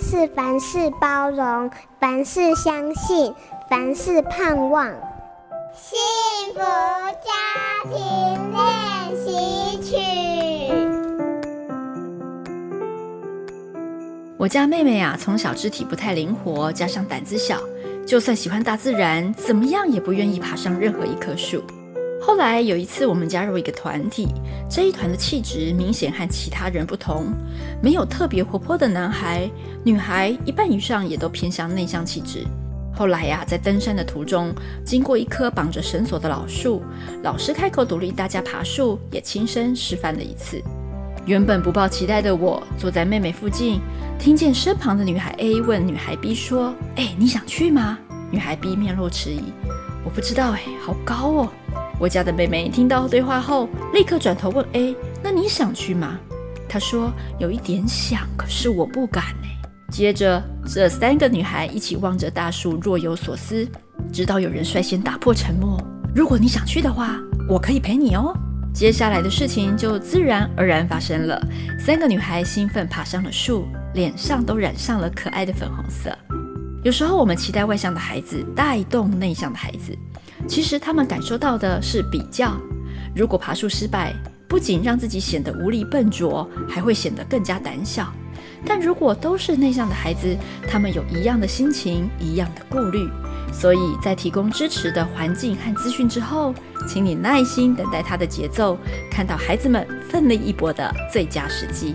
是凡事包容，凡事相信，凡事盼望。幸福家庭練習曲。我家妹妹啊，從小肢體不太靈活，加上膽子小，就算喜歡大自然，怎麼樣也不願意爬上任何一棵樹。後來有一次，我們加入一個團體，這一團的氣質明顯和其他人不同，沒有特別活潑的男孩、女孩，一半以上也都偏向內向氣質。後來呀、啊，在登山的途中，經過一棵綁着繩索的老樹，老師開口鼓勵大家爬樹，也親身示範了一次。原本不抱期待的我，坐在妹妹附近，聽見身旁的女孩 A 問女孩 B 說：“哎、欸，你想去嗎？”女孩 B 面露遲疑：“我不知道、欸，哎，好高哦。”我家的妹妹聽到對話後，立刻轉頭問 A：“ 欸，那你想去嗎？”她說：“有一點想，可是我不敢欸。”接着，這三個女孩一起望着大樹，若有所思，直到有人率先打破沉默：“如果你想去的話，我可以陪你哦。”接下來的事情就自然而然發生了。三個女孩興奮爬上了樹，臉上都染上了可愛的粉紅色。有時候，我們期待外向的孩子帶動內向的孩子。其實他們感受到的是比較，如果爬樹失敗，不僅讓自己顯得無力笨拙，還會顯得更加膽小。但如果都是內向的孩子，他們有一樣的心情，一樣的顧慮。所以在提供支持的環境和資訊之後，請你耐心等待他的節奏，看到孩子們奮力一搏的最佳時機。